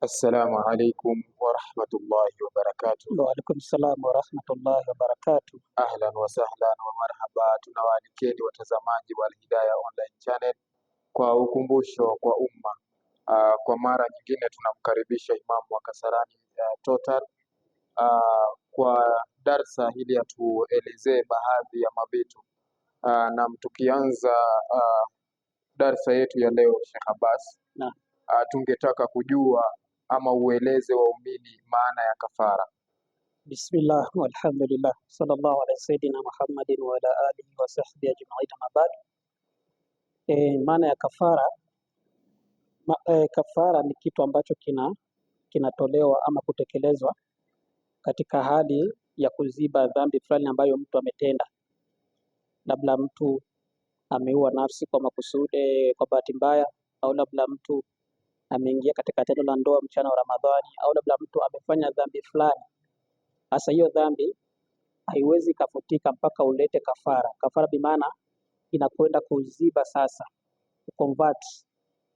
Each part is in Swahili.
Assalamu alaikum warahmatullahi wabarakatuh. Waalaikum salam warahmatullahi wabarakatuh. Ahlan wa sahlan wa marhaba, tunawaalikeni watazamaji wa Alhidaya Online Channel kwa ukumbusho kwa umma. Uh, kwa mara nyingine tunamkaribisha Imamu wa Kasarani uh, Total uh, kwa darsa hili atuelezee baadhi ya mabitu uh, na tukianza uh, darsa yetu ya leo Sheikh Abbas, tungetaka kujua ama ueleze waumini maana ya kafara. Bismillah walhamdulillah sallallahu ala sayidina Muhammadin wa ala alihi wa sahbihi ajmain amma ba'd. E, maana ya kafara ma, e, kafara ni kitu ambacho kina kinatolewa ama kutekelezwa katika hali ya kuziba dhambi fulani ambayo mtu ametenda, labda mtu ameua nafsi kwa makusudi, kwa bahati mbaya, au labda mtu ameingia katika tendo la ndoa mchana wa Ramadhani, au labda mtu amefanya dhambi fulani. hasa hiyo dhambi haiwezi ikafutika mpaka ulete kafara. Kafara bi maana inakwenda kuziba sasa, convert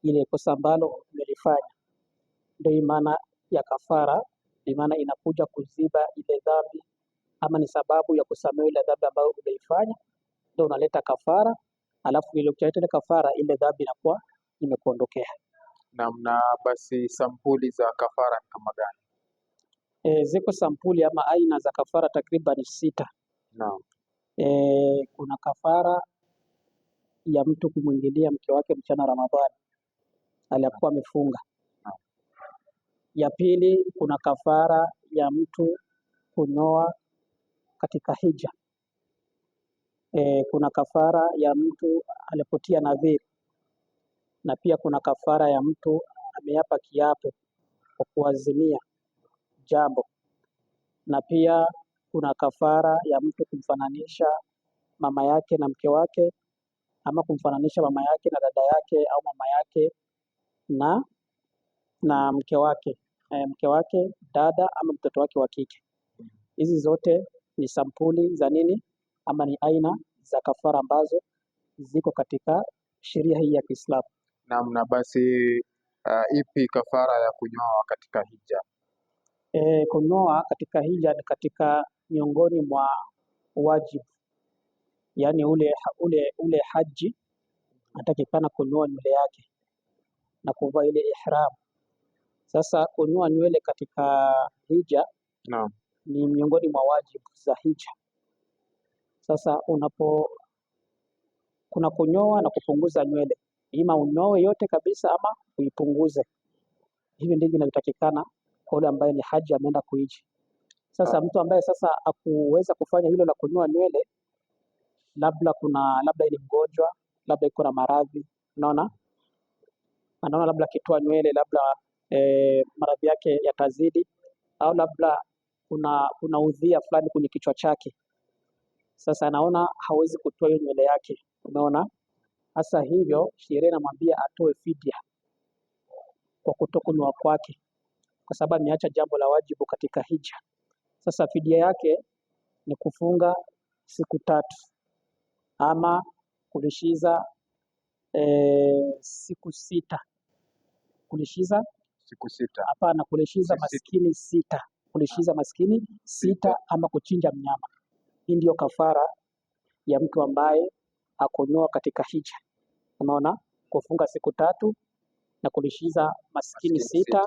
ile kosa ambalo umelifanya, ndio maana ya kafara, bi maana inakuja kuziba ile dhambi, ama ni sababu ya kusamehe ile dhambi ambayo umeifanya, ndio unaleta kafara. Alafu ile ukileta kafara, ile dhambi inakuwa imekuondokea namna basi sampuli za kafara ni kama gani? E, ziko sampuli ama aina za kafara takriban sita. Naam. E, kuna kafara ya mtu kumwingilia mke wake mchana Ramadhani aliyakuwa amefunga. Ya pili kuna kafara ya mtu kunoa katika hija. E, kuna kafara ya mtu alipotia nadhiri na pia kuna kafara ya mtu ameapa kiapo kwa kuazimia jambo, na pia kuna kafara ya mtu kumfananisha mama yake na mke wake ama kumfananisha mama yake na dada yake au mama yake na na mke wake e, mke wake dada ama mtoto wake wa kike. Hizi zote ni sampuli za nini ama ni aina za kafara ambazo ziko katika sheria hii ya Kiislamu namna basi uh, ipi kafara ya kunyoa katika hija? E, kunyoa katika hija ni katika miongoni mwa wajibu, yaani ule, ule, ule haji atakikana kunyoa nywele yake na kuvaa ile ihram. Sasa kunyoa nywele katika hija no. ni miongoni mwa wajibu za hija. Sasa unapo kuna kunyoa na kupunguza nywele ima unoe yote kabisa ama uipunguze. Hivi ndivyo inavyotakikana kwa yule ambaye ni haji ameenda kuiji. Sasa ah. mtu ambaye sasa akuweza kufanya hilo la kunyoa nywele, labda kuna labda ni mgonjwa, labda iko na maradhi, unaona anaona labda akitoa nywele labda e, maradhi yake yatazidi, au labda kuna kuna udhia fulani kwenye kichwa chake. Sasa anaona hawezi kutoa hiyo nywele yake, umeona. Hasa hivyo sheria anamwambia atoe fidia kwa kutokunywa kwake, kwa sababu ameacha jambo la wajibu katika hija. Sasa fidia yake ni kufunga siku tatu ama kulishiza e, siku sita kulishiza siku sita. Hapana, kulishiza maskini sita, kulishiza maskini sita, ama kuchinja mnyama. Hii ndiyo kafara ya mtu ambaye akunyoa katika hija, unaona, kufunga siku tatu na kulishiza maskini sita,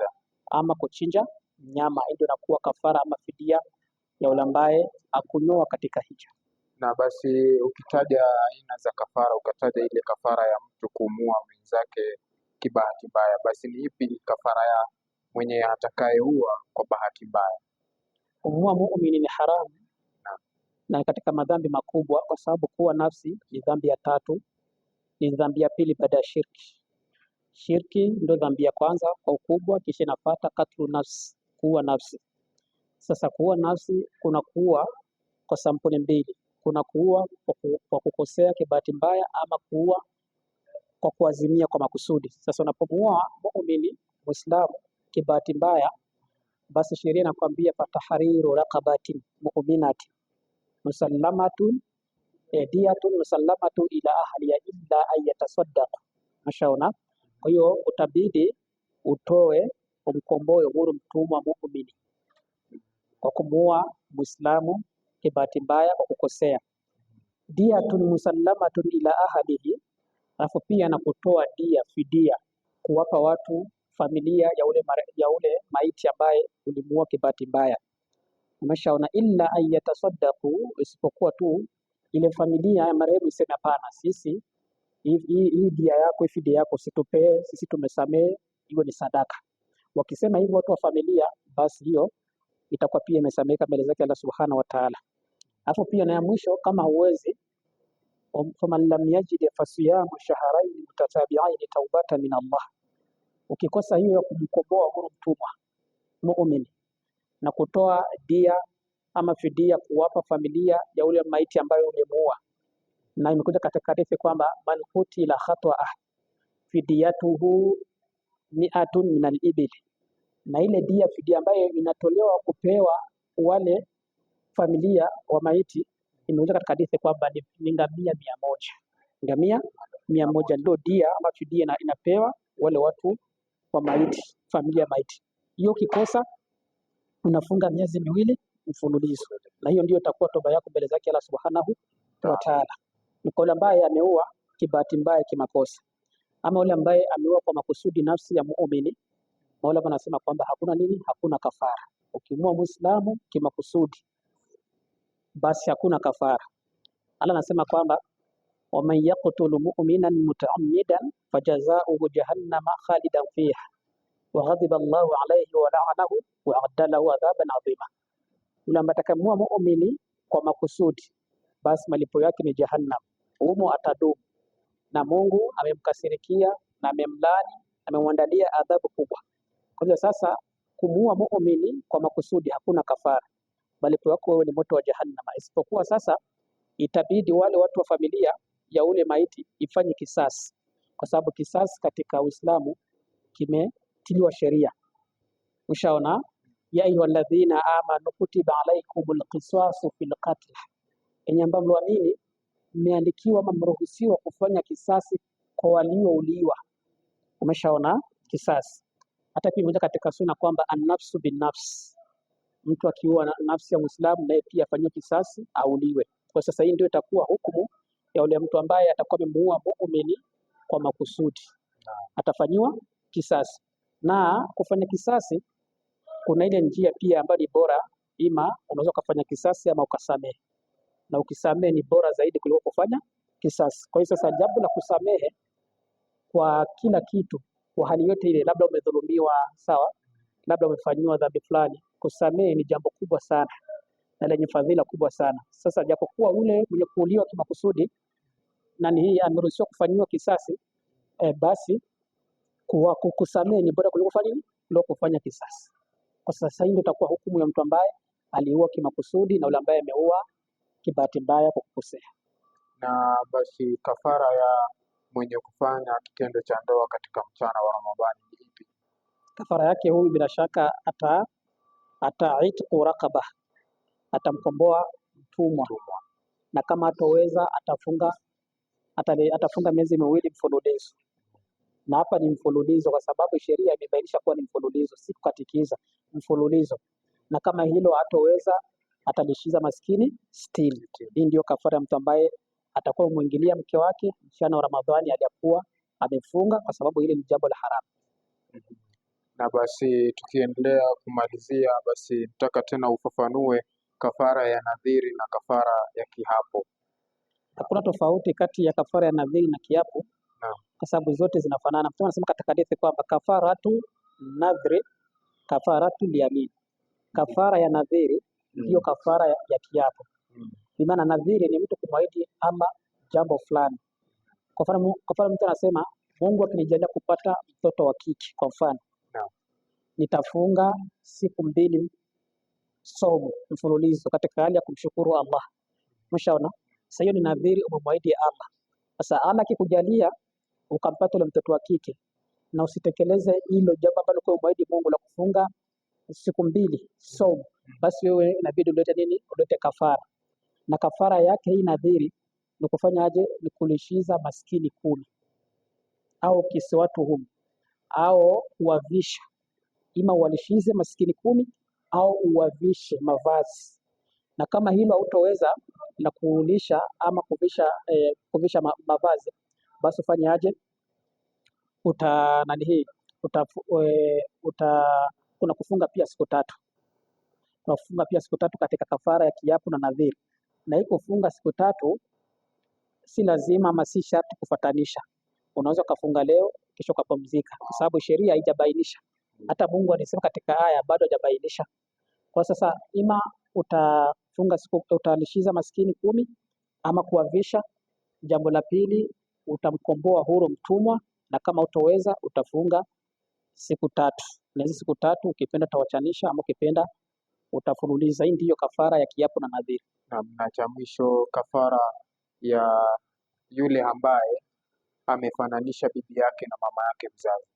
ama kuchinja mnyama. Hii ndio inakuwa kafara ama fidia ya yule ambaye akunyoa katika hija. Na basi ukitaja aina za kafara, ukataja ile kafara ya mtu kuumua mwenzake kibahati mbaya, basi ni ipi kafara ya mwenye atakayeua kwa bahati mbaya? Kumua muumini ni haramu na katika madhambi makubwa, kwa sababu kuua nafsi ni dhambi ya tatu, ni dhambi ya pili baada ya shirki. Shirki ndio dhambi ya kwanza kwa ukubwa, kisha inafuata katlu nafsi, kuwa nafsi. Sasa kuwa nafsi kuna kuwa kwa sampuli mbili, kuna kuwa kwa kukosea kibahati mbaya, ama kuwa kwa kuazimia kwa makusudi. Sasa unapomuua muumini Muislamu kibahati mbaya, basi sheria inakwambia fatahriru raqabatin mu'minatin musallamatun diyatun musallamatu ila ahliya illa an yatasaddaq. Mashaona. Kwa hiyo utabidi utoe umkomboe huru mtumwa muumini kwa kumuua Muislamu kibahati mbaya kwa kukosea, diyatun musallamatun ila ahlihi, alafu pia na kutoa dia fidia, kuwapa watu familia ya ule, ya ule maiti ambaye ulimuua kibahati mbaya umeshaona, illa an yatasaddaqu, isipokuwa tu ile familia ya marehemu iseme hapana, sisi hii dia yako hii fidia yako situpee sisi, tumesamee hiyo ni sadaka. Wakisema hivyo watu wa familia, basi hiyo itakuwa pia imesameka mbele zake Allah subhanahu wa ta'ala. Alafu pia na ya mwisho, kama huwezi faman lam yajid fasiyamu shahrayn mutatabi'ain taubatan min Allah. Ukikosa hiyo ya kumkomboa huru mtumwa muumini na kutoa dia ama fidia kuwapa familia ya ule maiti ambayo ulimuua. Na imekuja katika hadithi kwamba man kutila khata'a fidiyatuhu mi'atun min al na ile dia fidia ambayo inatolewa kupewa wale familia wa maiti imekuja katika hadithi kwamba ni ngamia mia moja ngamia mia moja ndio dia ama fidia inapewa wale watu wa maiti, familia maiti. Hiyo kikosa unafunga miezi miwili mfululizo, na hiyo ndio itakuwa toba yako mbele zake Allah subhanahu wa ta'ala. Ni kwa yule ambaye ameua kibahati mbaya kimakosa, ama yule ambaye ameua kwa makusudi nafsi ya muumini, Mola anasema kwamba hakuna nini, hakuna kafara. Ukimua muislamu kimakusudi, basi hakuna kafara. Allah anasema kwamba waman yaqtulu mu'minan muta'ammidan fajazauhu jahannama khalidan fiha waghadhiba Allahu alayhi wa la'anahu wa a'adda lahu adhaban adhima. Unamtakamua muumini kwa makusudi, basi malipo yake ni jahannam, humo atadumu, na Mungu amemkasirikia na amemlani, amemwandalia adhabu kubwa. Kwa hiyo sasa, kumuua muumini kwa makusudi hakuna kafara, malipo yako wewe ni moto wa jahannama, isipokuwa sasa itabidi wale watu wa familia ya ule maiti ifanye kisasi, kwa sababu kisasi katika Uislamu kime kufuatiliwa sheria. Ushaona, ya alladhina amanu kutiba alaikumul qisasu fil qatl, enye ambavyo wa nini mmeandikiwa ama mmeruhusiwa kufanya kisasi kwa waliouliwa. Umeshaona kisasi hata pia moja katika sunna kwamba annafsu binnafs, mtu akiua nafsi ya Muislamu naye pia afanyiwe kisasi, auliwe. Kwa sasa hii ndio itakuwa hukumu ya ule mtu ambaye atakuwa amemuua muumini kwa makusudi, atafanyiwa kisasi na kufanya kisasi, kuna ile njia pia ambayo ni bora, ima unaweza ukafanya kisasi ama ukasamehe, na ukisamehe ni bora zaidi kuliko kufanya kisasi. Kwa hiyo sasa, jambo la kusamehe kwa kila kitu, kwa hali yote ile, labda umedhulumiwa, sawa, labda umefanyiwa dhambi fulani, kusamehe ni jambo kubwa sana na lenye fadhila kubwa sana. Sasa japokuwa ule mwenye kuuliwa kimakusudi na ni hii ameruhusiwa kufanyiwa kisasi, e, basi kuwa kukusamehe ni bora kuliko kufanya kuliko kufanya kisasi. Kwa sasa hivi ndio hukumu ya mtu ambaye aliua kimakusudi na yule ambaye ameua kibahati mbaya kwa kukosea. Na basi kafara ya mwenye kufanya kitendo cha ndoa katika mchana wa Ramadhani ni ipi? Kafara yake huyu bila shaka ata ataitqu raqaba, atamkomboa mtumwa, na kama atoweza atafunga atale, atafunga miezi miwili mfululizo na hapa ni mfululizo, kwa sababu sheria imebainisha kuwa ni mfululizo, si kukatikiza, mfululizo. Na kama hilo hatoweza, atalishiza maskini still. Hii ndio kafara ya mtu ambaye atakuwa umwingilia mke wake mchana wa Ramadhani aliyakuwa amefunga, kwa sababu hili ni jambo la haramu. Na basi tukiendelea kumalizia, basi nataka tena ufafanue kafara ya nadhiri na kafara ya kihapo Hakuna tofauti kati ya kafara ya nadhiri na kiapo kwa sababu zote zinafanana. Mtume anasema katika hadithi kwamba kafaratu nadhri, kafaratu liyamin, kafara ya nadhiri ndiyo kafara ya, ya kiapo. Kwa maana nadhiri ni mtu kumwahidi ama jambo fulani. Kwa mfano, kwa mfano mtu anasema Mungu akinijalia kupata mtoto wa kike, kwa mfano nitafunga siku mbili somo mfululizo katika hali ya kumshukuru Allah. Mshaona? Sasa hiyo ni nadhiri umemwahidi Allah. Sasa Allah akikujalia ukampata ule mtoto wa kike, na usitekeleze hilo jambo ambalo kwa umeahidi Mungu la kufunga siku mbili somo, basi wewe inabidi ulete nini? Ulete kafara, na kafara yake hii nadhiri ni kufanya aje? Ni kulishiza maskini kumi au kisiwatu humu au kuwavisha, ima uwalishize maskini kumi au uwavishe mavazi, na kama hilo hautoweza, na kuulisha ama kuvisha, eh, kuvisha mavazi basi ufanye aje? Uta nani hii uta, e, uta kuna kufunga pia siku tatu, kuna kufunga pia siku tatu katika kafara ya kiapo na nadhiri. Na hii kufunga siku tatu si lazima ama si sharti kufatanisha. Unaweza ukafunga leo kisha ukapumzika, kwa sababu sheria haijabainisha. Hata Mungu alisema katika aya, bado hajabainisha. Kwa sasa ima utafunga siku, utalishiza maskini kumi ama kuwavisha. Jambo la pili utamkomboa huru mtumwa, na kama utoweza utafunga siku tatu, na hizi siku tatu ukipenda utawachanisha, ama ukipenda utafululiza. Hii ndiyo kafara ya kiapo na nadhiri. Na cha mwisho, kafara ya yule ambaye amefananisha bibi yake na mama yake mzazi.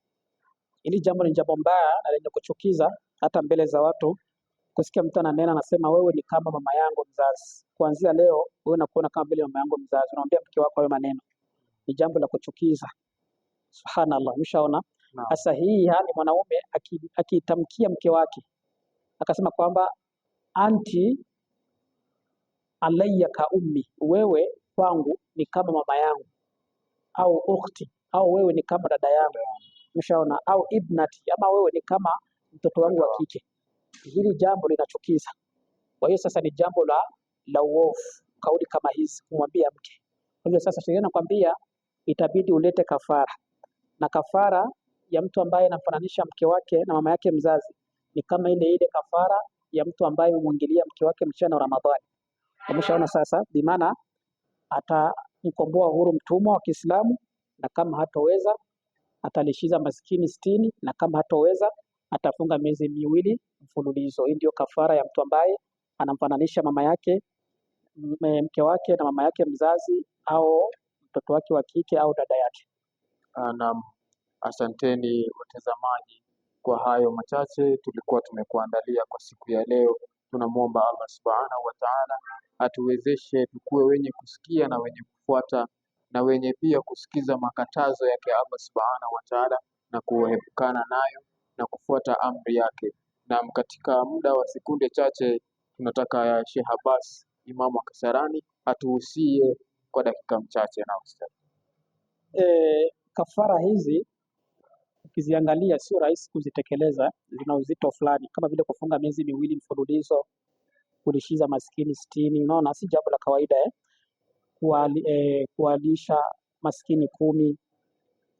Hili jambo ni jambo mbaya na lenye kuchukiza, hata mbele za watu kusikia mtu ananena anasema, wewe ni kama mama yangu mzazi, kuanzia leo wewe unakuona kama vile mama yangu mzazi. Unaambia mke wako hayo maneno ni jambo la kuchukiza. Subhanallah, mshaona sasa no. Hii hali mwanaume akitamkia aki mke wake akasema kwamba anti alayya ka ummi, wewe kwangu ni kama mama yangu, au ukhti, au wewe ni kama dada yangu, mshaona, au ibnati, ama wewe ni kama mtoto wangu wa kike. Hili jambo linachukiza. Kwa hiyo sasa ni jambo la la uovu, kauli kama hizi kumwambia mke. Kwa hiyo sasa sheria nakwambia itabidi ulete kafara, na kafara ya mtu ambaye anamfananisha mke wake na mama yake mzazi ni kama ile ile kafara ya mtu ambaye humwingilia mke wake mchana wa Ramadhani. Umeshaona sasa, maana atamkomboa huru mtumwa wa Kiislamu, na kama hatoweza atalishiza maskini sitini, na kama hatoweza atafunga miezi miwili mfululizo. Hii ndio kafara ya mtu ambaye anamfananisha mama yake mke wake na mama yake mzazi au mtoto wake wa kike au dada yake. Naam, asanteni watazamaji kwa hayo machache tulikuwa tumekuandalia kwa siku ya leo. Tunamwomba Allah subhanahu wa taala atuwezeshe tukuwe wenye kusikia na wenye kufuata na wenye pia kusikiza makatazo yake Allah subhanahu wa taala na kuepukana nayo na kufuata amri yake. Naam, katika muda wa sekunde chache tunataka Sheikh Abbas Imamu wa Kasarani atuhusie kwa dakika mchache na ustadi. E, kafara hizi ukiziangalia sio rahisi kuzitekeleza, zina uzito fulani, kama vile kufunga miezi miwili mfululizo, kulishiza maskini sitini. Unaona, si jambo la kawaida eh? Kuwali, eh, kuwalisha maskini kumi,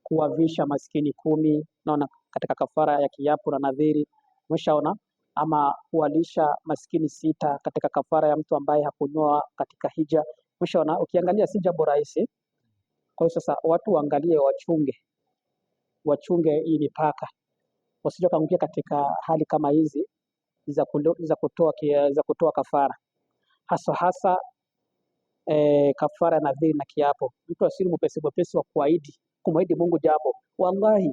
kuwavisha maskini kumi, naona katika kafara ya kiapo na nadhiri, umeshaona ama kualisha maskini sita katika kafara ya mtu ambaye hakunyoa katika hija kushona ukiangalia si jambo rahisi. Kwa hiyo sasa watu waangalie, wachunge wachunge hii mipaka, wasije kaangukia katika hali kama hizi za za kutoa za kutoa kafara, hasa hasa e, kafara nadhiri na kiapo. Mtu asili mpesi mpesi wa kuahidi kumwahidi Mungu jambo, wallahi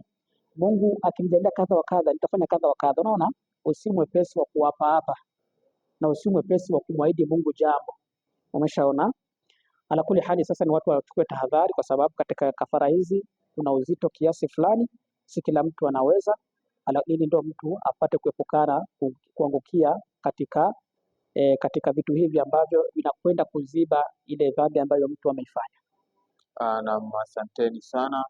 Mungu akinijalia kadha wa kadha nitafanya kadha wa kadha. Unaona, usi mpesi wa kuapa hapa na usi mpesi wa kumwahidi Mungu jambo. Umeshaona? Ala kuli hali, sasa ni watu wachukue tahadhari, kwa sababu katika kafara hizi kuna uzito kiasi fulani, si kila mtu anaweza, ili ndio mtu apate kuepukana kuangukia katika E, katika vitu hivi ambavyo vinakwenda kuziba ile dhambi ambayo mtu ameifanya. Ah, naam, asanteni sana,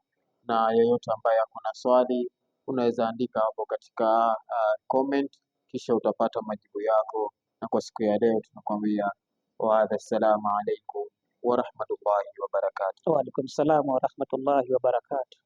na yeyote ambaye ako na swali unaweza andika hapo katika uh, comment, kisha utapata majibu yako, na kwa siku ya leo tunakwambia wa assalamu alaikum warahmatullahi wabarakatuh. Waalaikum salam warahmatullahi wabarakatuh.